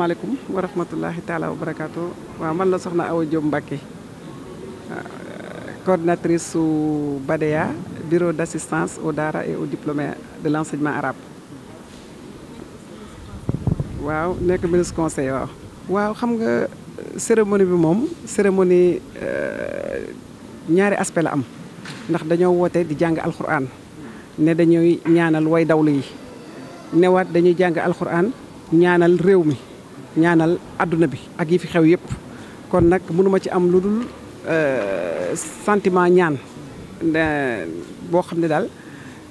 maaleykum wa rahmatullahi taala wa barakaatu man la soxna Awa Diop Mbacke euh, coordinatrice su BADEA bureau d'assistance aux daara et aux diplômés de l'enseignement arabe waaw nekk ministre conseil waaw waaw xam nga cérémonie bi moom cérémonie euh, ñaari aspect la am ndax dañoo woote di jàng alxuraan ne dañuy ñaanal way dawlu yi newaat dañuy jàng alxuraan ñaanal réew mi ñaanal àdduna bi ak yi fi xew yëpp kon nag mënuma ci am lu dul euh, sentiment ñaan euh, boo xam ne daal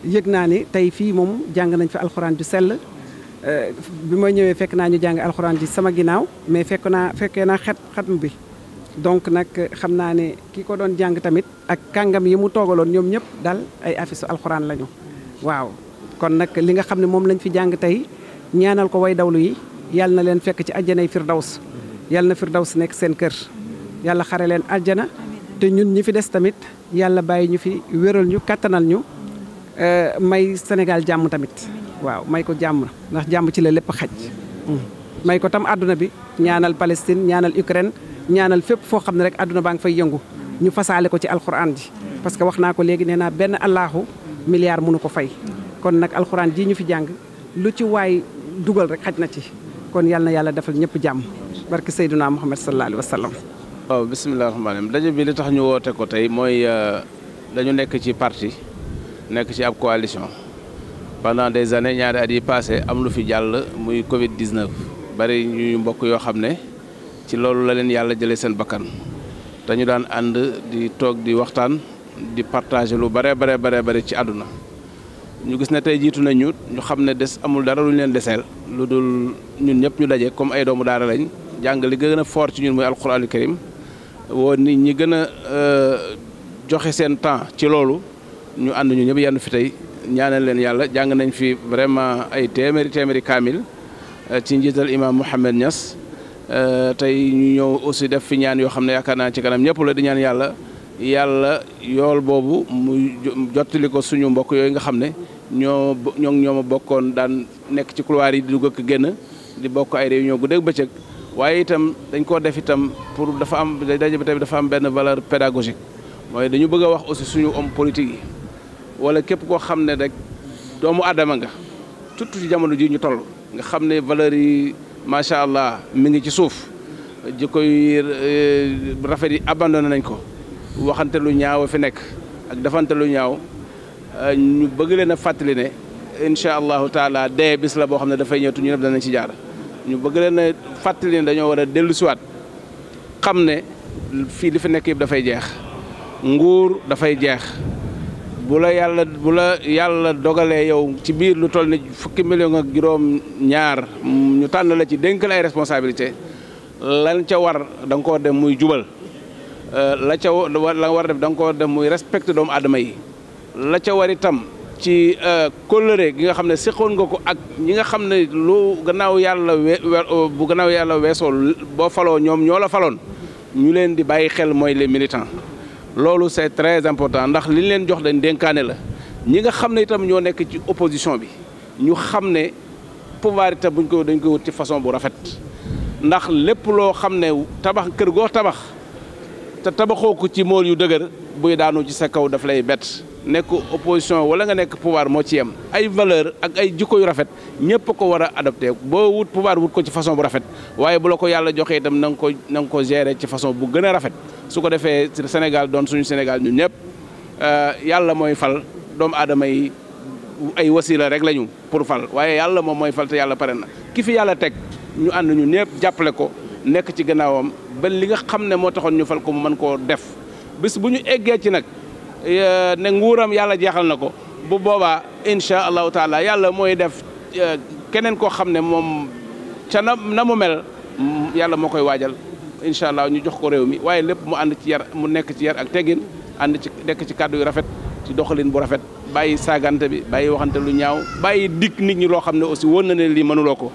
yég naa ni tey fii moom jàng nañ fi alxuraan ju sell euh, bi ma ñëwee fekk naa ñu jàng alxuraan ji sama ginnaaw mais fekk naa fekkee naa xet xatmu bi donc nag xam naa ne ki ko doon jàng tamit ak kàngam yi mu toogaloon ñoom ñëpp daal ay afisu alxuraan lañu waaw kon nag li nga xam ne moom lañ fi jàng tey ñaanal ko way dawlu yi yàlla na leen fekk ci àjjanay firdaws yàlla na firdaws nekk seen kër yàlla xare leen àjjana te ñun ñi fi des tamit yàlla bàyyi ñu fi wéral ñu kattanal ñu eh, may Sénégal jàmm tamit waaw may ko jàmm ndax jàmm ci la lépp xaj mm. may ko tam àdduna bi ñaanal Palestine ñaanal Ukraine ñaanal fépp foo xam ne rek àdduna baa ngi fay yëngu ñu fasaale ko ci alxuraan ji parce que wax naa ko léegi nee naa benn allahu milliard mënu ko fay kon nag alxuraan ji ñu fi jàng lu ci waay dugal rek xaj na ci kon yàlla na yàlla defal ñëpp jàmm barki Seydina Muhammad sallallahu alayhi wa sallam. waaw bisimilah rahmaani rahiim daje bi li tax ñu woote ko tey mooy euh, dañu nekk ci parti nekk ci ab coalition pendant des années ñaari at yi passé am lu fi jàll muy Covid 19 bari ñu mbokk yoo xam ne ci loolu la leen yàlla jëlee seen bakkan dañu daan ànd di toog di waxtaan di partager lu bare bare bare bare ci àdduna. ñu gis na tey jiitu nañ ñu ñu xam ne des amul dara lu ñu leen deseel lu dul ñun ñëpp ñu daje comme ay doomu daara lañ jàng li gën a fort ci ñun mooy alxuraanul karim woo nit ñi gën a euh, joxe seen temps ci loolu ñu ànd ñu ñëpp yenn fi tey ñaaneel leen yàlla jàng nañ fi vraiment ay téeméeri téeméeri kaamil euh, ci njiital imaam Mouhamed Niass euh, tey ñu ñëw aussi def fi ñaan yoo xam ne yaakaar naa ci kanam ñëpp la di ñaan yàlla. yàlla yool boobu mu jottali ko suñu mbokk yooyu nga xam ne ñoo ñoo ngi ñooma bokkoon daan nekk ci couloir yi di dugg ak génn di bokk ay réunion guddeeg bëccëg waaye itam dañ koo def itam pour dafa am daje bi tamit dafa am benn valeur pédagogique mooy dañu bëgg a wax aussi suñu om politique yi wala képp koo xam ne rek doomu aadama nga surtout ci jamono ji ñu toll nga xam ne valeur yi macha allah mi ngi ci suuf jikko yi eh, rafet yi abandonné nañ ko waxante lu ñaaw a fi nekk ak defante lu ñaaw euh, ñu bëgg leen a fàttali ne incha allahu taala dee bis la boo xam ne dafay ñëw ñu ñëpp danañ ci jaar ñu bëgg leen a fàttali ne dañoo war a dellu siwaat xam ne fii li fi nekk yëpp dafay jeex nguur dafay jeex bu la yàlla bu la yàlla dogalee yow ci biir lu toll ni fukki million ak juróom ñaar ñu tànn la ci dénk la ay responsabilité lan ca war da nga koo dem muy jubal Euh, la ca la war def da nga ko def muy respecté doomu aadama yi la ca war itam ci euh, kóllëre gi nga xam ne séqoon nga ko ak ñi nga xam ne lu gannaaw yàlla we bu gannaaw yàlla weesoo boo faloo ñoom ñoo la faloon ñu leen di bàyyi xel mooy les militants loolu c'est très important ndax li leen jox dañ dénkaane la ñi nga xam ne itam ñoo nekk ci opposition bi ñu xam ne pouvoir itam buñ ko dañ koy wut ci façon bu rafet ndax lépp loo xam ne tabax kër goo tabax te tabaxooku ci mool yu dëgër buy daanu ci sa kaw daf lay bett nekk opposition wala nga nekk pouvoir moo ci yem ay valeur ak ay jikko yu rafet ñëpp ko war a adopté boo wut pouvoir wut ko ci façon bu rafet waaye bu la ko yàlla joxee itam na nga ko na nga ci façon bu gën a rafet su ko defee Sénégal doon suñu Sénégal ñu ñëpp euh, yàlla mooy fal doomu aadama yi ay wasila rek lañu pour fal waaye yàlla moom mooy fal te yàlla pare na ki fi yàlla teg ñu ànd ñu ñëpp jàppale ko nekk ci gannaawam ba li nga xam ne moo taxoon ñu fal ko mu mën koo def bis bu ñu eggee ci nag eh, ne nguuram yàlla jeexal na ko bu boobaa incha allahu taala yàlla mooy def eh, keneen koo xam ne moom ca na na mu mel mm, yàlla moo koy waajal incha allah ñu jox ko réew mi waaye lépp mu ànd ci yar mu nekk ci yar ak teggin ànd ci nekk ci kàddu yu rafet ci doxalin bu rafet bàyyi saagante bi bàyyi waxante lu ñaaw bàyyi dikk nit ñi loo xam ne aussi wóor na ne lii mënuloo ko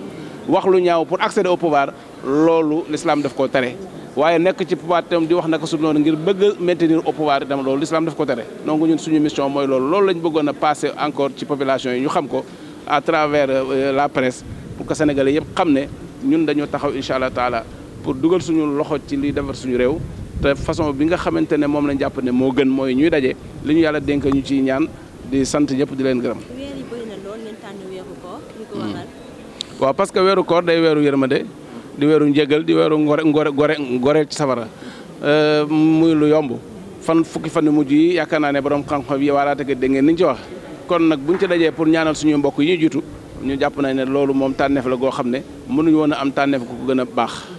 wax lu ñaaw pour accéder au pouvoir loolu l'islam def ko tere waaye nekk ci pouvoir itam di wax naka su noonu ngir bëgg a maintenir au pouvoir itam loolu l'islam ko tere donc ñun suñu mission mooy loolu loolu lañ bëggoon a passer encore ci population yi ñu xam ko à travers euh, la presse pour que sénégalais yëpp xam ne ñun dañoo taxaw incha allah taala pour dugal suñu loxo ci liy defar suñu réew te façon bi nga xamante ne moom lañ jàpp ne moo gën mooy ñuy daje li ñu yàlla dénk ñu ciy ñaan di sant ñëpp di leen gërëm. waaw parce que weeru koor day weeru de di weeru njégal di weeru ngore ngore gore gore ci safara euh, muy lu yomb fan fukki fan yu mujj yi yaakaar naa ne borom xam-xam yi waaraate ko dégg ngeen ni ñu ci wax kon nag buñ ci dajee pour ñaanal suñu mbokk yi ñuy jiitu ñu jàpp nañ ne loolu moom tànneef la goo xam ne mënuñu woon a am tànneef ku ko gën a baax